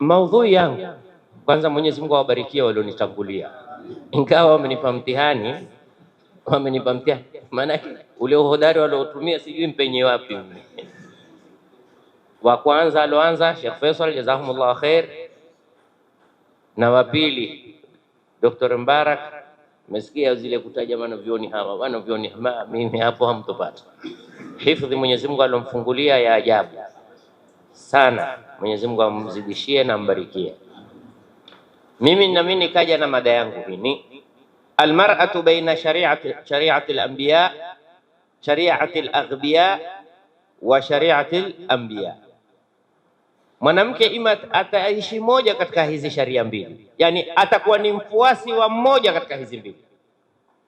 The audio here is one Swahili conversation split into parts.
Maudhui yangu kwanza, Mwenyezi Mungu awabarikie walionitangulia, ingawa wamenipa mtihani, wamenipa mtihani, maanake ule uhodari waliotumia sijui mpenye wapi. Wa kwanza aloanza Sheikh Faisal jazahumllah khair, na wa pili Dr. Mbarak. Mesikia zile kutaja wanavyoni hawa wanavyoni, mimi hapo hamtopata hifadhi. Mwenyezi Mungu alomfungulia ya ajabu sana. Mwenyezi Mungu amzidishie na mbarikie. Mimi mimi nikaja na mada yangu hini, almar'atu baina shari'ati shari'ati al-anbiya shari'ati al-aghbiya wa shari'ati al-anbiya, mwanamke ima ataishi moja katika hizi sharia mbili, yani atakuwa ni mfuasi wa mmoja katika hizi mbili,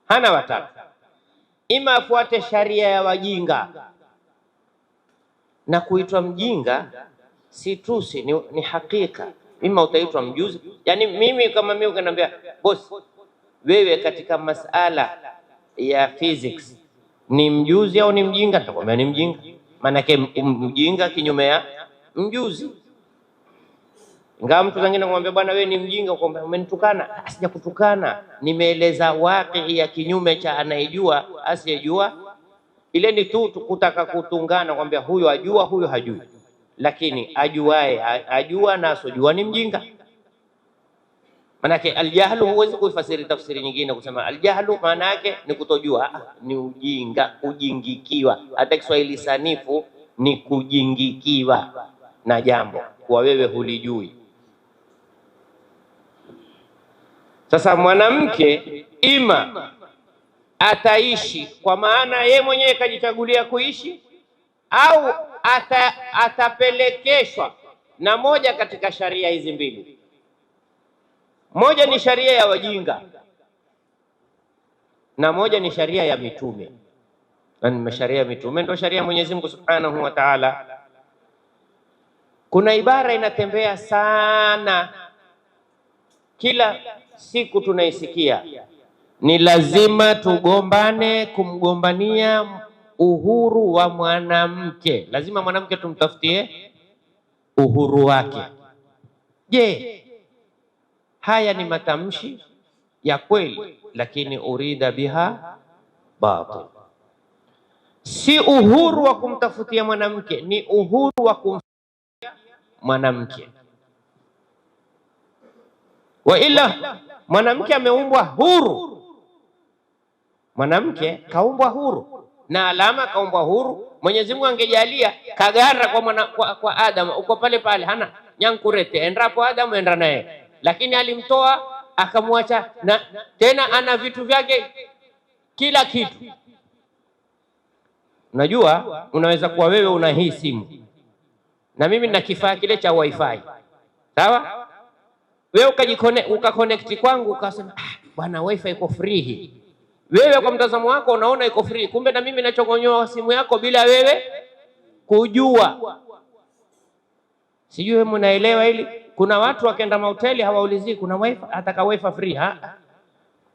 hana watatu, ima afuate sharia ya wajinga na kuitwa mjinga si tusi, ni, ni hakika. Mima utaitwa mjuzi. Yani mimi kama mimi ukaniambia boss, wewe katika masala ya physics ni mjuzi au ni mjinga? Nitakwambia ni mjinga, maanake mjinga kinyume ya mjuzi. Ingawa mtu mwingine kumwambia bwana, wewe ni mjinga, kwamba umenitukana. asijakutukana ah, nimeeleza wakii ya kinyume cha anayejua asiyejua ile ni tu kutaka kutungana, kwambia huyo ajua huyo hajui. Lakini ajuae ajua na asojua ni mjinga. Manake aljahlu huwezi kuifasiri tafsiri nyingine kusema aljahlu maana yake ni kutojua. Ah, ni ujinga, kujingikiwa. Hata Kiswahili sanifu ni kujingikiwa na jambo kwa wewe hulijui. Sasa mwanamke ima ataishi kwa maana ye mwenyewe kajichagulia kuishi, au ata, atapelekeshwa na moja katika sharia hizi mbili. Moja ni sharia ya wajinga na moja ni sharia ya mitume, na sharia ya mitume ndio sharia ya Mwenyezi Mungu Subhanahu wa Ta'ala. Kuna ibara inatembea sana, kila siku tunaisikia ni lazima tugombane kumgombania uhuru wa mwanamke. Lazima mwanamke tumtafutie uhuru wake. Je, haya ni matamshi ya kweli, lakini urida biha batil. Si uhuru wa kumtafutia mwanamke, ni uhuru wa kumfikia mwanamke wa ila mwanamke ameumbwa huru Mwanamke kaumbwa huru na alama, kaumbwa huru. Mwenyezi Mungu angejalia kagara kwa, mwana, kwa, kwa Adamu uko pale pale, hana nyankurete, endapo Adamu enda naye, lakini alimtoa akamwacha, na tena ana vitu vyake kila kitu. Unajua, unaweza kuwa wewe una hii simu na mimi na kifaa kile cha wifi, sawa? Wewe ukajikone kwangu ukasema, ah, bwana wifi iko free hii wewe kwa mtazamo wako unaona iko free, kumbe na mimi nachokonyoa simu yako bila wewe kujua. Sijui wewe mnaelewa hili? Kuna watu wakenda mahoteli hawaulizii kuna wifi, ataka wifi free. Ha,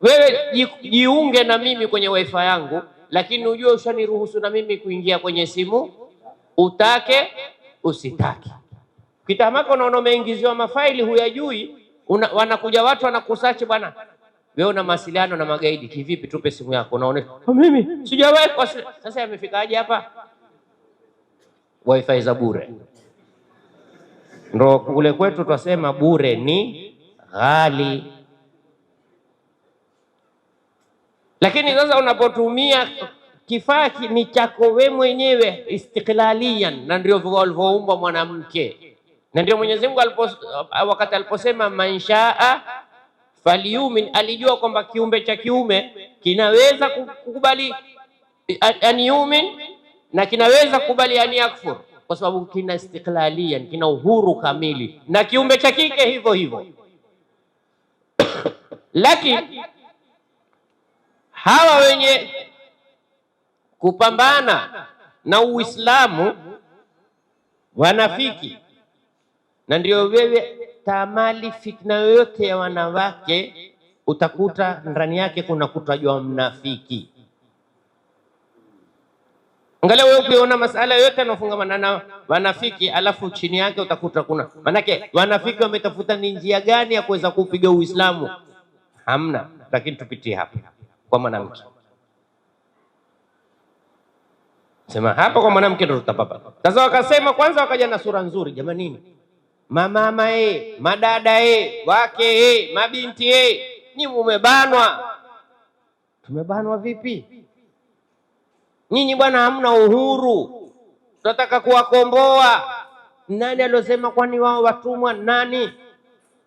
wewe jiunge na mimi kwenye wifi yangu, lakini ujue ushaniruhusu na mimi kuingia kwenye simu, utake usitake. Kitamako unaona umeingiziwa mafaili huyajui, wanakuja watu wanakusachi bwana wewe una mawasiliano na magaidi kivipi? Tupe simu yako. Unaonesha ah, mimi sijawahi kwa sasa. Yamefikaje hapa? Wifi za bure ndo kule kwetu twasema bure ni ghali, lakini sasa unapotumia kifaa ni chako we mwenyewe istiklalian, na ndio walivyoumbwa mwanamke, na ndio Mwenyezi Mungu wakati aliposema manshaa falyumin, alijua kwamba kiumbe cha kiume kinaweza kukubali an yumin na kinaweza kukubali an yakfur, kwa sababu kina istiklalia kina uhuru kamili, na kiumbe cha kike hivyo hivyo. Lakini hawa wenye kupambana na Uislamu wanafiki, na ndio wewe utaamali fitna yoyote ya wanawake, utakuta ndani yake kuna kutajwa mnafiki. Angalia wewe ukiona masala yote yanafungamana na wanafiki, alafu chini yake utakuta kuna manake, wanafiki wametafuta ni njia gani ya kuweza kupiga Uislamu? Hamna. Lakini tupitie hapa kwa mwanamke, sema hapa kwa mwanamke ndo tutapapa sasa. Wakasema kwanza, wakaja na sura nzuri, jamanini mamama madadae madada ye, wake mabinti ye, nyinyi mumebanwa. Tumebanwa vipi? Nyinyi bwana, hamna uhuru, tunataka kuwakomboa. Nani aliosema kwani wao watumwa? Nani?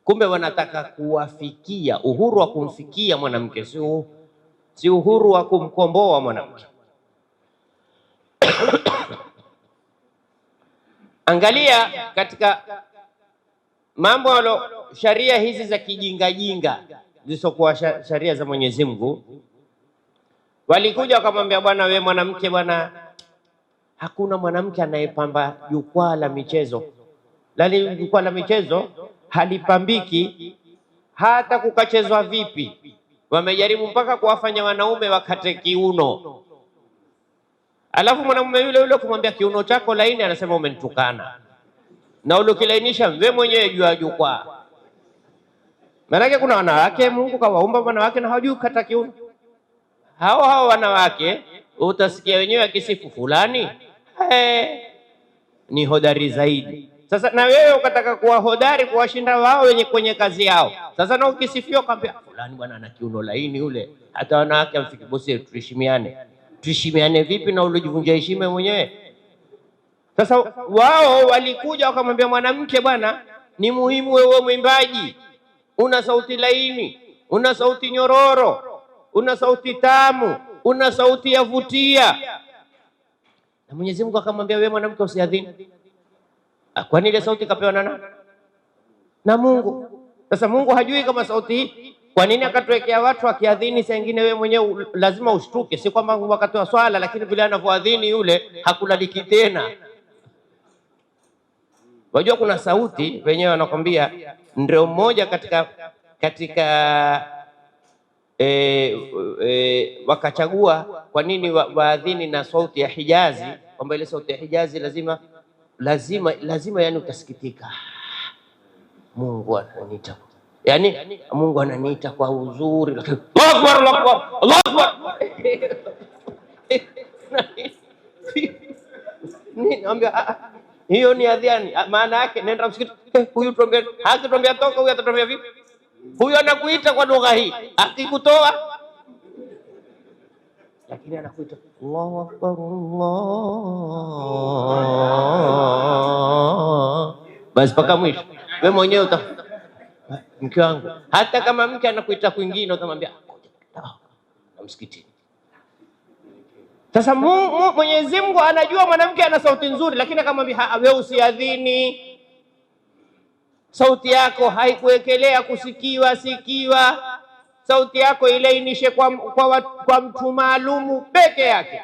Kumbe wanataka kuwafikia uhuru wa kumfikia mwanamke, si uhuru wa kumkomboa mwanamke. Angalia katika mambo alo sharia hizi za kijingajinga zilizokuwa sharia za Mwenyezi Mungu, walikuja wakamwambia, bwana we mwanamke, bwana hakuna mwanamke anayepamba jukwaa la michezo lali, jukwaa la michezo halipambiki hata kukachezwa vipi. Wamejaribu mpaka kuwafanya wanaume wakate kiuno, alafu mwanamume yule yule kumwambia kiuno chako laini, anasema umenitukana na ulikilainisha we mwenyewe juu ya jukwaa. Maanake kuna wanawake Mungu kawaumba wanawake na hawajui kata kiuno. Hao hao wanawake utasikia wenyewe akisifu fulani hey, ni hodari zaidi. Sasa na wewe ukataka kuwa hodari kuwashinda wao wenye kwenye kazi yao. Sasa na ukisifiwa kwambia fulani bwana ana kiuno laini yule, hata wanawake amfiki bosi, tuheshimiane. Tuheshimiane vipi na ulijivunja heshima mwenyewe? Sasa wao walikuja wakamwambia mwanamke, bwana, ni muhimu wewe mwimbaji, una sauti laini, una sauti nyororo, una sauti tamu, una sauti yavutia. Na Mwenyezi Mungu akamwambia, wewe mwanamke, usiadhini. Ah, kwani ile sauti kapewa na nani? Na Mungu. Sasa Mungu hajui kama sauti hii kwa nini akatuwekea watu akiadhini? Saa ingine wewe mwenyewe lazima ushtuke, si kwamba wakati wa swala, lakini vile anavyoadhini yule hakulaliki tena wajua kuna sauti wenyewe wanakwambia ndio mmoja katika, katika e, e, wakachagua kwa nini wa, waadhini na sauti ya Hijazi kwamba ile sauti ya Hijazi lazima lazima lazima, yani utasikitika, Mungu ananiita, yani Mungu ananiita kwa uzuri, Allahu Akbar, Allahu Akbar, nini hiyo ni adhiani. Maana yake nenda msikiti, eh, huyu tuombea. Akituombea toka, huyu atatuombea vipi? Huyu anakuita kwa lugha hii, akikutoa lakini anakuita Allahu akbar, Allah, basi mpaka mwisho. Wewe mwenyewe uta mke wangu, hata kama mke anakuita kwingine utamwambia na msikitini sasa Mwenyezi Mungu anajua mwanamke ana sauti nzuri, lakini akamwambia wewe usiadhini, sauti yako haikuwekelea kusikiwa sikiwa, sauti yako ilainishe kwa, kwa, kwa mtu maalumu peke yake.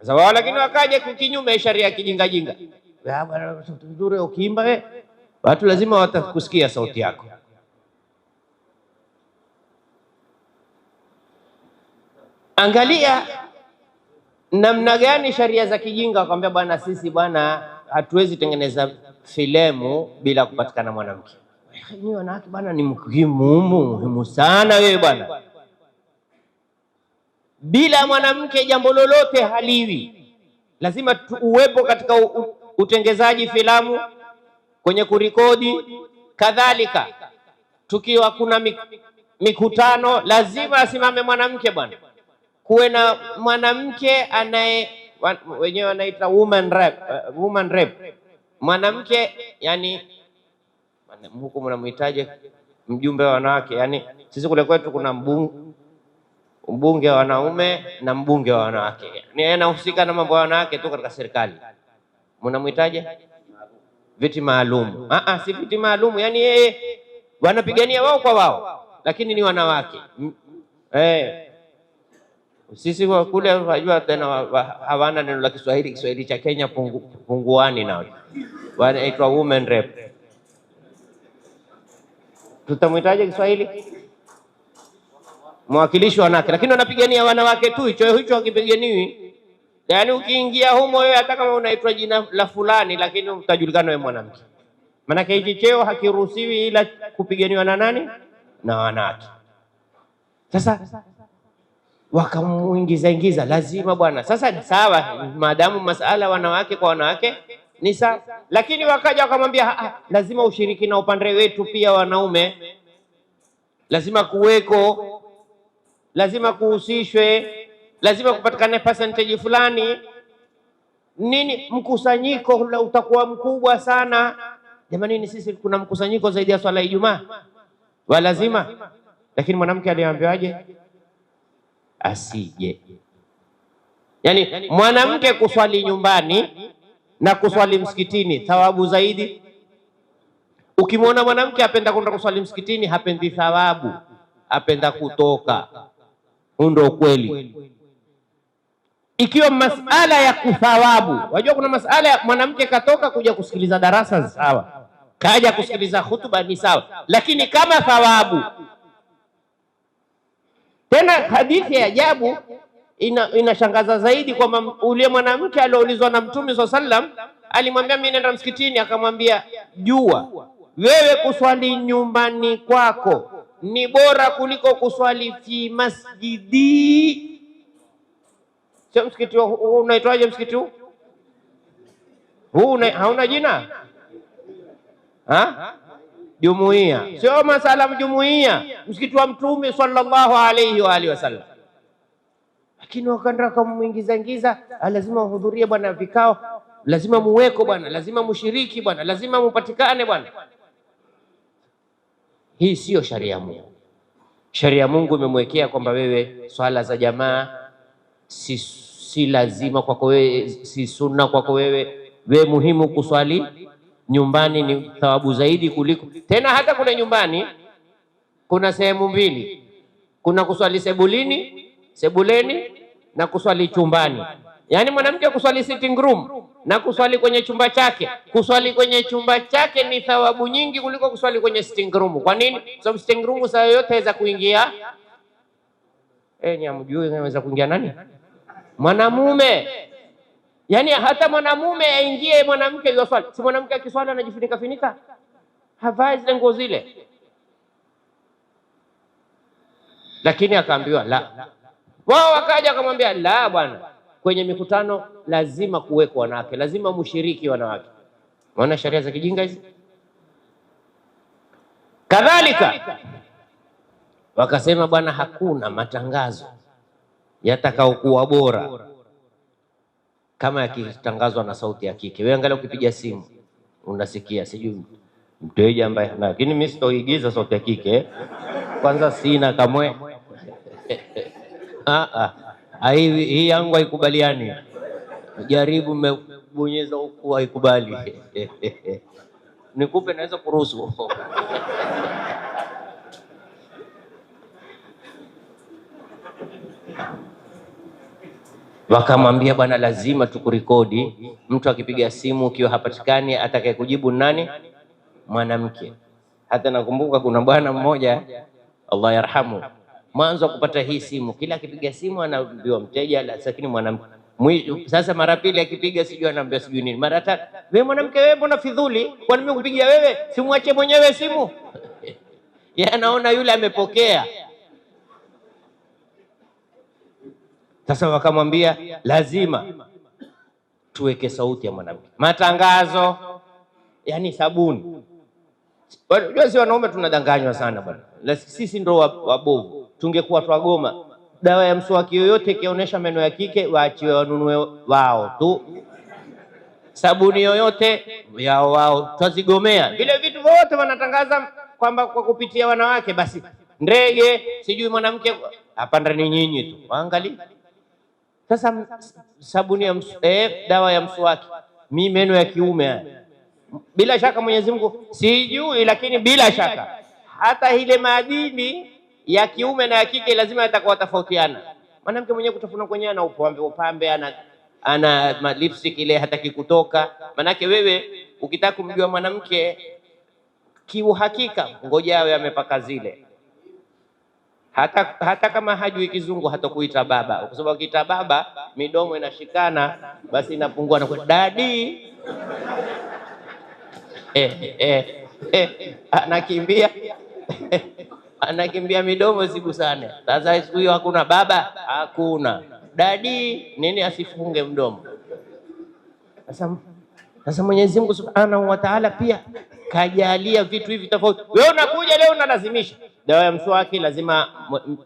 Sasa wao lakini wakaja kukinyume sharia ya kijingajinga, sauti nzuri ukiimba we watu lazima watakusikia sauti yako. Angalia namna gani sharia za kijinga, wakamwambia bwana, sisi bwana hatuwezi tengeneza filemu bila kupatikana mwanamke. ni wanawake bwana ni muhimu muhimu sana, wewe bwana, bila mwanamke jambo lolote haliwi. Lazima uwepo katika utengezaji filamu, kwenye kurikodi kadhalika. Tukiwa kuna mikutano, lazima asimame mwanamke bwana kuwe na mwanamke anaye wenyewe wanaita woman rep, uh, woman rep. Mwanamke yani huku mnamhitaje mjumbe wa wanawake, yani sisi kule kwetu kuna mbunge, mbunge wa wanaume na mbunge wa wanawake, ni anahusika na mambo ya wanawake tu katika serikali. mnamhitaje viti maalum? Ah ah, si viti maalum, yani yeye wanapigania wao kwa wao, lakini ni wanawake eh sisi kwa kule wajua tena hawana neno la Kiswahili, Kiswahili cha Kenya pungu, punguani nao wanaitwa women rep. Tutamwitaje Kiswahili? Mwakilishi wanawake, lakini wanapigania wanawake tu, hicho hicho hakipiganiwi. Yaani ukiingia humo wewe, hata kama unaitwa jina la fulani, lakini utajulikana wewe mwanamke. Maanake hichi cheo hakiruhusiwi ila kupiganiwa na nani? Na wanawake. Sasa wakamuingiza ingiza, lazima bwana. Sasa ni sawa, maadamu masala wanawake kwa wanawake ni sawa, lakini wakaja wakamwambia ah, ah, lazima ushiriki na upande wetu pia, wanaume lazima kuweko, lazima kuhusishwe, lazima kupatikane percentage fulani nini, mkusanyiko utakuwa mkubwa sana. Jamanini, sisi kuna mkusanyiko zaidi ya swala ya Ijumaa wa lazima, lakini mwanamke aliambiwaje? asije. yani mwanamke kuswali nyumbani na kuswali msikitini thawabu zaidi. Ukimwona mwanamke apenda kwenda kuswali msikitini, hapendi thawabu, apenda kutoka. Huu ndio ukweli. Ikiwa masala ya kuthawabu, wajua kuna masala ya mwanamke katoka kuja kusikiliza darasa, sawa, kaja kusikiliza hutuba, ni sawa, lakini kama thawabu tena hadithi ya ajabu ina, inashangaza zaidi kwamba ule mwanamke alioulizwa na Mtume swalla sallam alimwambia mimi nenda msikitini, akamwambia jua wewe kuswali nyumbani kwako ni bora kuliko kuswali fi masjidi. Sio msikiti huu unaitwaje? Msikiti huu huu hauna jina ha? jumuiya, sio masalamu jumuiya, msikiti wa Mtume sallallahu alaihi wa alihi wasallam. Lakini wakanda kamuingiza ingiza, lazima uhudhurie bwana vikao, lazima muweko bwana, lazima mushiriki bwana, lazima mupatikane bwana. Hii siyo sharia ya Mungu. Sharia ya Mungu imemwekea kwamba wewe swala za jamaa si, si lazima kwako wewe, si sunna kwako wewe, wewe muhimu kuswali nyumbani ni thawabu zaidi kuliko tena. Hata kuna nyumbani kuna sehemu mbili, kuna kuswali sebulini, sebuleni na kuswali chumbani. Yaani mwanamke kuswali sitting room na kuswali kwenye chumba chake, kuswali kwenye chumba chake ni thawabu nyingi kuliko kuswali kwenye sitting room. Kwa nini? Sababu so, sitting room saa yoyote aweza kuingia eh, nyamjui anaweza kuingia nani? Mwanamume. Yaani hata mwanamume aingie mwanamke yoswali, si mwanamke akiswali anajifunika finika, havai zile nguo zile, lakini akaambiwa la. Wao wakaja akamwambia la, bwana, kwenye mikutano lazima kuwekwa wanawake, lazima mushiriki wanawake. Maana sheria za kijinga hizi. Kadhalika wakasema, bwana, hakuna matangazo yatakaokuwa bora kama yakitangazwa na sauti ya kike. Wewe angalia, ukipiga simu unasikia, sijui mteja ambaye, lakini mimi sitoigiza sauti ya kike, kwanza sina kamwe. Ah ah, hii yangu haikubaliani. Jaribu mebonyeza huku, haikubali. Nikupe, naweza kuruhusu Wakamwambia bwana, lazima tukurekodi. Mtu akipiga simu ukiwa hapatikani, atakaye kujibu nani? Mwanamke. Hata nakumbuka kuna bwana mmoja Allah yarhamu, mwanzo kupata hii simu, kila akipiga simu anaambiwa mteja, lakini mwanamke. Sasa mara pili akipiga, sijui anaambia sijui nini, mara tatu, wewe mwanamke, wewe mbona fidhuli? Kwani mimi kupigia wewe? Simwache mwenyewe simu yeye anaona yule amepokea Sasa wakamwambia lazima tuweke sauti ya mwanamke, matangazo yani sabuni. Unajua, si wanaume tunadanganywa sana bwana, sisi ndo wabovu. Tungekuwa twagoma dawa ya mswaki yoyote ikionyesha meno ya kike waachiwe, wanunue wao tu. Sabuni yoyote yao wao, twazigomea vile vitu vyote wanatangaza kwamba kwa kupitia wanawake basi ndege sijui mwanamke hapanda, ni nyinyi tu waangalie sasa sabuni ya msu, eh, dawa ya mswaki, mi meno ya kiume haya, bila shaka Mwenyezi Mungu sijui, lakini bila shaka hata ile madini ya kiume na ya kike lazima yatakuwa tofautiana. Mwanamke mwenyewe kutafuna kwenyewe ana upambe upambe, ana ana lipstick ile hataki kutoka. Manake wewe ukitaka kumjua mwanamke kiuhakika, ngoja awe amepaka zile hata, hata kama hajui kizungu hatakuita baba, kwa sababu akiita baba midomo inashikana, basi inapungua na dadi eh, eh, eh, anakimbia anakimbia midomo zigusane. Sasa siku hiyo hakuna baba, hakuna dadi nini, asifunge mdomo. Sasa sasa Mwenyezi Mungu Subhanahu wa Ta'ala pia kajalia vitu hivi tofauti. Wewe unakuja leo unalazimisha dawa ya mswaki lazima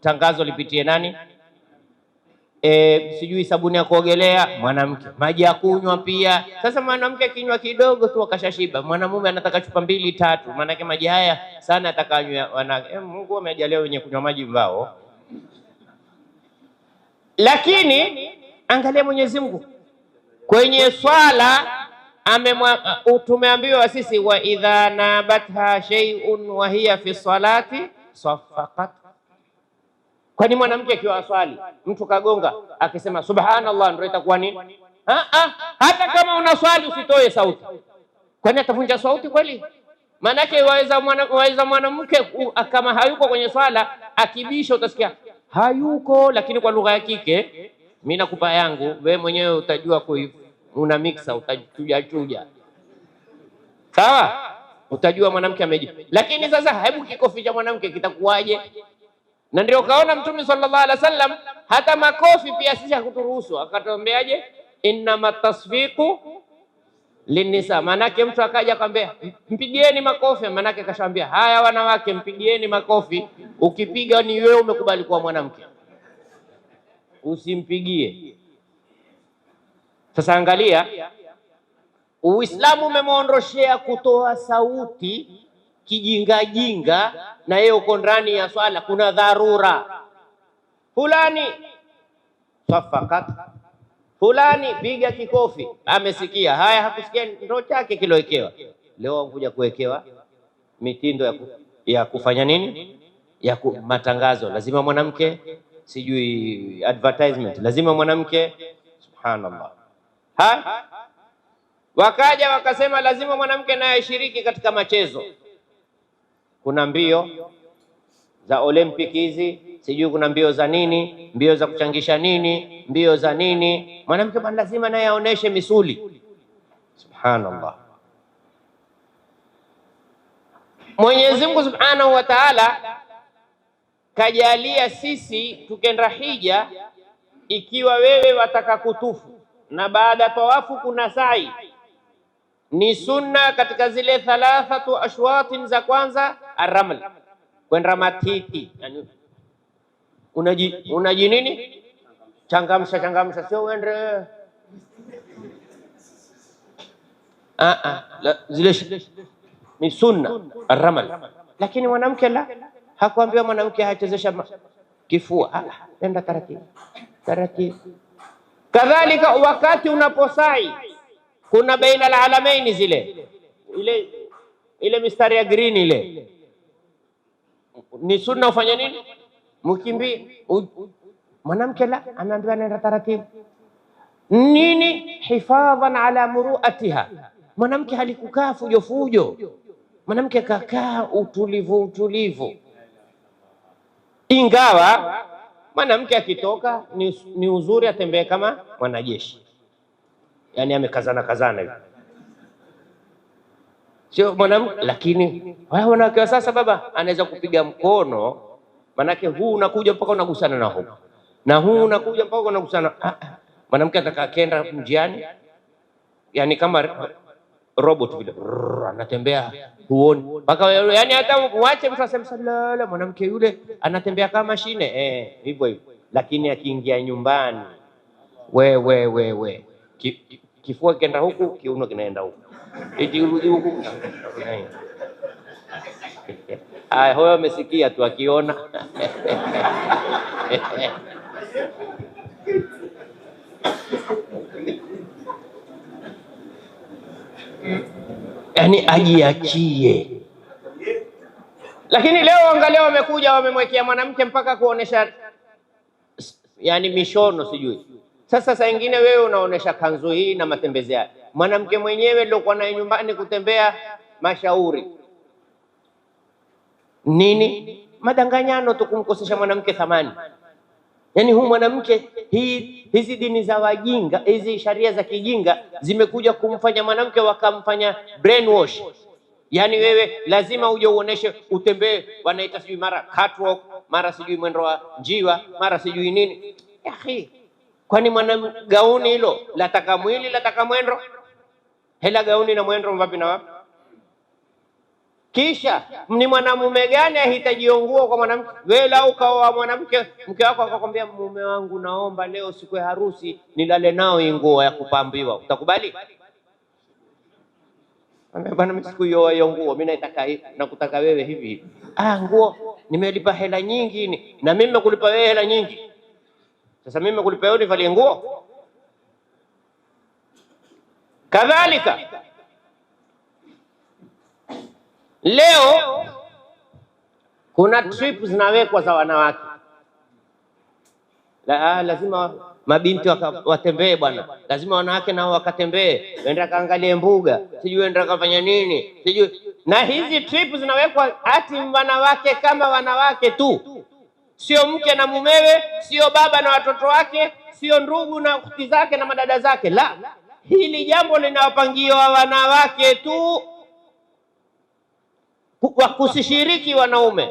tangazo lipitie nani? E, sijui sabuni ya kuogelea mwanamke, maji ya kunywa pia. Sasa mwanamke akinywa kidogo tu akashashiba, mwanamume anataka chupa mbili tatu, maanake maji haya sana atakanywa. E, Mungu amejalia wenye kunywa maji mbao, lakini angalia Mwenyezi Mungu kwenye swala uh, tumeambiwa sisi, wa idha nabatha shay'un wa hiya fi salati swaf Kwani mwanamke akiwa aswali mtu kagonga akisema subhanallah ndio itakuwa nini? Ha, ah, ah, ha, hata kama unaswali usitoe sauti, kwani atavunja sauti kweli? Maanake waweza mwanamke kama hayuko kwenye swala akibisha, utasikia hayuko, lakini kwa lugha ya kike, mimi nakupa yangu, we mwenyewe utajua kui, una mixa utachuja chuja, sawa utajua mwanamke ameji. Lakini sasa hebu kikofi cha mwanamke kitakuwaje? Na ndio kaona Mtume sallallahu alaihi wasallam hata makofi pia sisi hakuturuhusu, akatuambiaje? Innama tasfiqu linisa, maanake mtu akaja akwambia mpigieni makofi, maanake akashawambia haya, wanawake mpigieni makofi. Ukipiga ni wewe umekubali kuwa mwanamke, usimpigie. Sasa angalia Uislamu umemwondoshea kutoa sauti kijingajinga, na yeye uko ndani ya swala, kuna dharura fulani, safakat fulani, piga kikofi, amesikia haya, hakusikia ndoo chake kilowekewa. Leo wakuja kuwekewa mitindo ya, ku, ya kufanya nini ya ku, matangazo, lazima mwanamke sijui advertisement, lazima mwanamke. Subhanallah ha Wakaja wakasema lazima mwanamke naye ashiriki katika machezo. Kuna mbio za olimpiki hizi, sijui kuna mbio za nini, mbio za kuchangisha nini, mbio za nini. Mwanamke bwana lazima naye aoneshe misuli. Subhanallah. Mwenyezi Mungu Subhanahu wa Ta'ala kajalia sisi tukenda hija, ikiwa wewe wataka kutufu na baada ya tawafu kuna sai ni sunna katika zile thalathatu ashwatin za kwanza, araml kwenda matiti, yani unaji unaji nini, changamsha changamsha, sio uende ah, ah. zile ni sunna araml. Lakini mwanamke la hakuambiwa mwanamke hachezesha kifua, ah, enda nenda taratibu taratibu. Kadhalika wakati unaposai kuna baina alalamaini zile ile ile mistari ya green ile ni sunna. Ufanye nini? Mkimbie mwanamke, la ameambiwa nenda taratibu nini, hifadhan ala muruatiha. Mwanamke halikukaa fujo fujo, mwanamke akakaa utulivu utulivu, ingawa mwanamke akitoka ni, ni uzuri atembee kama mwanajeshi yani amekazana kazana hivi, sio mwanamke. Lakini wao wanawake wa sasa, baba anaweza kupiga mkono, manake huu unakuja mpaka unagusana na huu na huu unakuja mpaka unagusana. Ah, ah. Mwanamke atakaa kenda mjiani, yani kama robot vile anatembea, huoni mpaka yani, hata mwache mtu aseme mwanamke yule anatembea kama mashine eh, hivyo hivyo. Lakini akiingia nyumbani, we we we we Kifua kenda huku, kiuno kinaenda huku, eti urudi huku. Haya, huyo amesikia tu, akiona yaani ajiachie. Lakini leo angalia, wamekuja wamemwekea mwanamke mpaka kuonesha, yani mishono sijui sasa saa ingine wewe unaonesha kanzu hii na matembezi yake, mwanamke mwenyewe niliokuwa naye nyumbani kutembea, mashauri nini? Madanganyano tu, kumkosesha mwanamke thamani. Yaani huyu mwanamke hii, hizi dini za wajinga, hizi sharia za kijinga zimekuja kumfanya mwanamke, wakamfanya brainwash. Yaani wewe lazima uje uoneshe, utembee, wanaita sijui mara catwalk, mara sijui mwendo wa njiwa, mara sijui nini. Akhi Kwani mwana gauni hilo lataka mwili lataka mwendo? Hela gauni na mwendo mvapi na wapi? Kisha ni mwanamume gani ahitajio nguo kwa mwanamke? Wewe lau ukaoa mwanamke, mke wako akakwambia, mume wangu, naomba leo siku ya harusi nilale nao hii nguo ya kupambiwa, utakubali? bana mimi hiyo nguo, mimi naitaka nakutaka wewe hivi hivi. Ah, nguo nimelipa hela nyingi, na mimi nimekulipa wewe hela nyingi sasa mimi kulipa hiyo nivalie nguo? Kadhalika leo kuna trip zinawekwa za wanawake la, ah, lazima mabinti watembee bwana, lazima wanawake nao wakatembee, enda kaangalie mbuga, sijui enda kafanya nini, sijui. Na hizi trip zinawekwa ati wanawake kama wanawake tu sio mke na mumewe, sio baba na watoto wake, sio ndugu na ukhti zake na madada zake. La, hili jambo linawapangiwa wanawake tu, kusishiriki wanaume.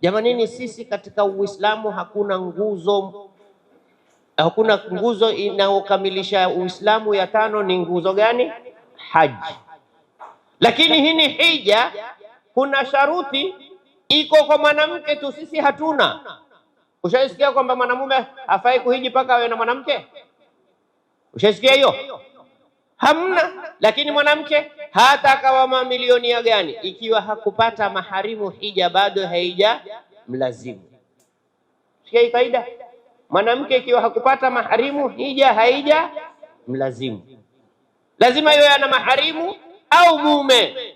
Jamanini, sisi katika Uislamu hakuna nguzo, hakuna nguzo inayokamilisha Uislamu. Ya tano ni nguzo gani? Haji. Lakini hii ni hija, kuna sharuti iko kwa mwanamke tu, sisi hatuna. Ushaisikia kwamba mwanamume hafai kuhiji mpaka awe na mwanamke? Ushaisikia hiyo? Hamna. Lakini mwanamke hata akawa mamilionia gani, ikiwa hakupata maharimu, hija bado haija mlazimu. Sikia hii kaida, mwanamke ikiwa hakupata maharimu, hija haija mlazimu. Lazima iwe ana maharimu au mume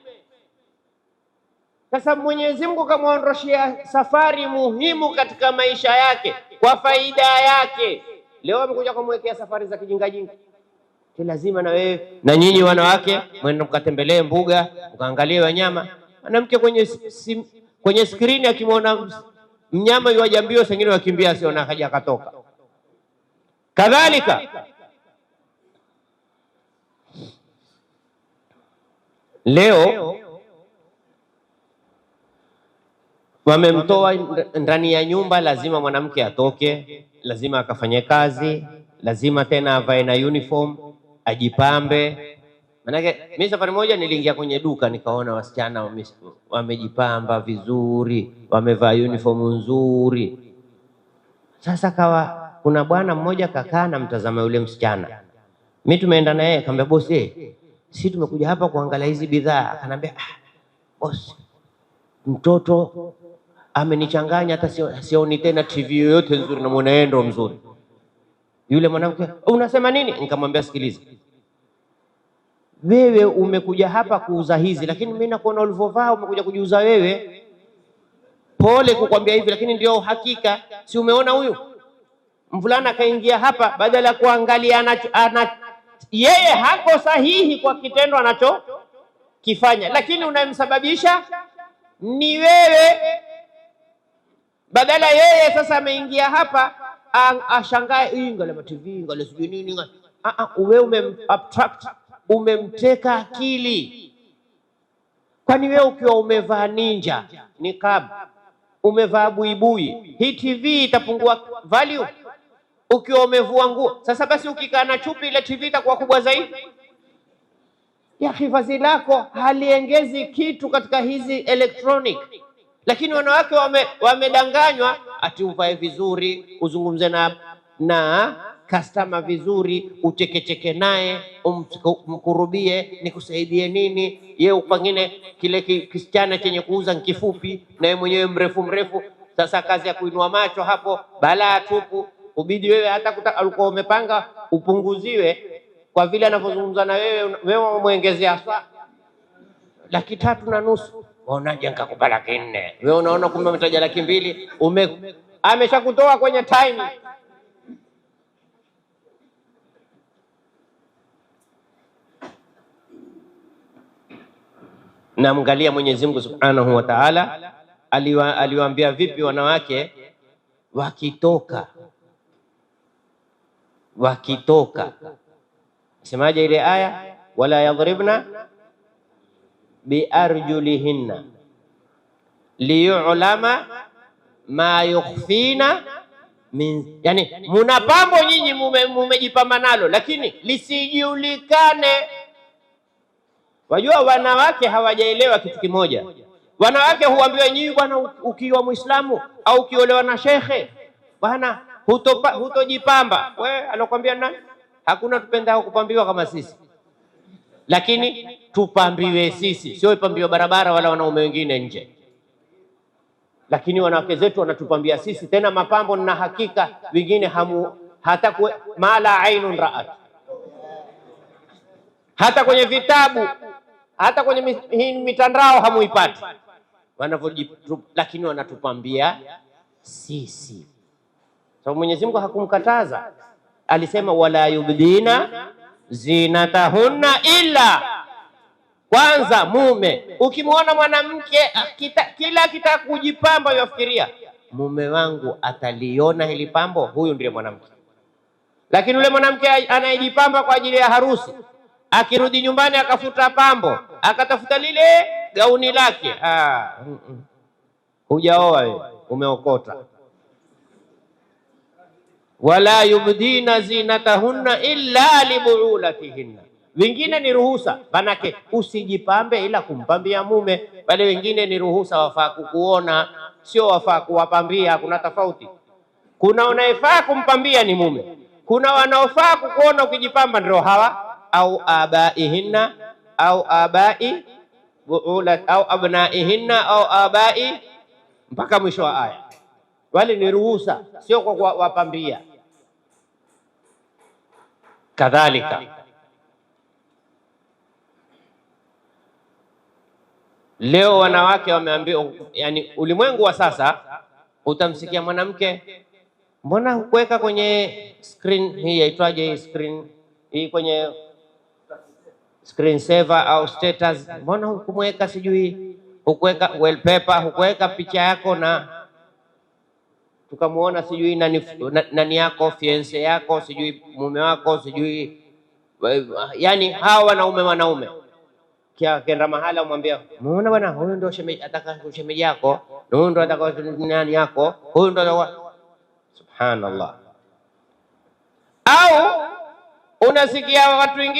sasa Mwenyezi Mungu kamwondoshea safari muhimu katika maisha yake kwa faida yake. Leo amekuja kumwekea safari za kijingajinga. Lazima na wewe na nyinyi wanawake mwende mkatembelee mbuga mkaangalie wanyama. Mwanamke kwenye sim, kwenye skrini akimwona mnyama yuaja mbio, sengine wakimbia asiona haja akatoka. Kadhalika leo Wamemtoa ndani ya nyumba, lazima mwanamke atoke, lazima akafanye kazi, lazima tena avae na uniform, ajipambe. Manake mimi safari moja niliingia kwenye duka nikaona wasichana wamejipamba vizuri, wamevaa uniform nzuri. Sasa kawa kuna bwana mmoja kakaa na mtazama yule msichana, mi tumeenda na yeye, akamwambia bosi, eh, si tumekuja hapa kuangalia hizi bidhaa. Akanambia ah, bosi mtoto amenichanganya, hata sioni tena TV yoyote nzuri na mwenendo mzuri. Yule mwanamke, unasema nini? Nikamwambia, sikiliza wewe umekuja hapa kuuza hizi, lakini mimi nakuona ulivyovaa umekuja kujiuza wewe. Pole kukwambia hivi, lakini ndio uhakika. Si umeona huyu mvulana akaingia hapa, badala ya kuangalia anacho, anacho, yeye hako sahihi kwa kitendo anachokifanya, lakini unayemsababisha ni wewe. Badala yeye sasa ameingia hapa ashangae ingala TV ingala sijui nini, uwe ah, ah, umemabstract umemteka akili. Kwani wewe ukiwa umevaa ninja kab umevaa buibui, hii TV itapungua value? Ukiwa umevua nguo sasa, basi ukikaa na chupi, ile TV itakuwa kubwa zaidi ya hifadhi lako haliengezi kitu katika hizi electronic lakini wanawake wamedanganywa, wame ati uvae vizuri, uzungumze na na kastama vizuri, uchekecheke naye, umkurubie, nikusaidie nini? Yeye pengine kile kisichana chenye kuuza nkifupi, naye mwenyewe mrefu mrefu. Sasa kazi ya kuinua macho hapo, balaa tupu. Ubidi wewe hata alikuwa umepanga upunguziwe, kwa vile anavyozungumza na wewe, wewe umwongezea sa laki tatu na nusu Unaonaje nikakupa laki nne? Wewe unaona kumbe umetaja laki mbili ume ameshakutoa kwenye time. Namwangalia Mwenyezi Mungu Subhanahu wa Ta'ala aliwa, aliwaambia vipi wanawake wakitoka wakitoka, semaje ile aya, wala yadhribna biarjulihinna liyulama ma yukhfina min, yani muna pambo nyinyi mumejipamba mume nalo, lakini lisijulikane. Wajua wanawake hawajaelewa kitu kimoja. Wanawake huambiwa nyinyi, bwana, ukiwa Muislamu au ukiolewa na shekhe, bwana, hutojipamba. Huto wewe alokwambia nani? Hakuna tupendao kupambiwa kama sisi lakini tupambiwe sisi, sio ipambiwe barabara wala wanaume wengine nje. Lakini wanawake zetu wanatupambia sisi, tena mapambo na hakika wengine hamu hata kwe, mala ainun raat, hata kwenye vitabu, hata kwenye mitandao hamuipati wanavyojitu, lakini wanatupambia sisi. Sababu so, Mwenyezi Mungu hakumkataza, alisema wala yubdina zinatahunna ila kwanza, mume ukimwona mwanamke ah, kita, kila kita kujipamba yafikiria mume wangu ataliona hili pambo, huyu ndiye mwanamke. Lakini yule mwanamke anayejipamba kwa ajili ya harusi, akirudi nyumbani akafuta pambo, akatafuta lile gauni lake, ah, mm, mm. hujaoa wewe, umeokota wala yubdina zinatahunna illa libuulatihinna. Wengine ni ruhusa, manake usijipambe ila kumpambia mume, bali wengine ni ruhusa, wafaa kukuona, sio wafaa kuwapambia. Kuna tofauti, kuna unayefaa kumpambia ni mume, kuna wanaofaa kukuona ukijipamba, ndio hawa au abaihinna au abai buulat au abnaihinna au abai, mpaka mwisho wa aya. Wale ni ruhusa, sio kwa kuwapambia kadhalika leo wanawake wameambiwa, yani ulimwengu wa sasa, utamsikia mwanamke, mbona hukuweka kwenye screen hii, yaitwaje hii screen hii, kwenye screen saver au status, mbona hukumweka, sijui hukuweka wallpaper, hukuweka picha yako na tukamwona sijui nani, nani yako fiance yako sijui mume wako sijui yani hawa wanaume wanaume kenda mahala umwambia muona bwana, huyu ndio ataka shemeji yako, huyu ndio ataka nani yako, huyu ndio subhanallah. Au unasikia watu wengine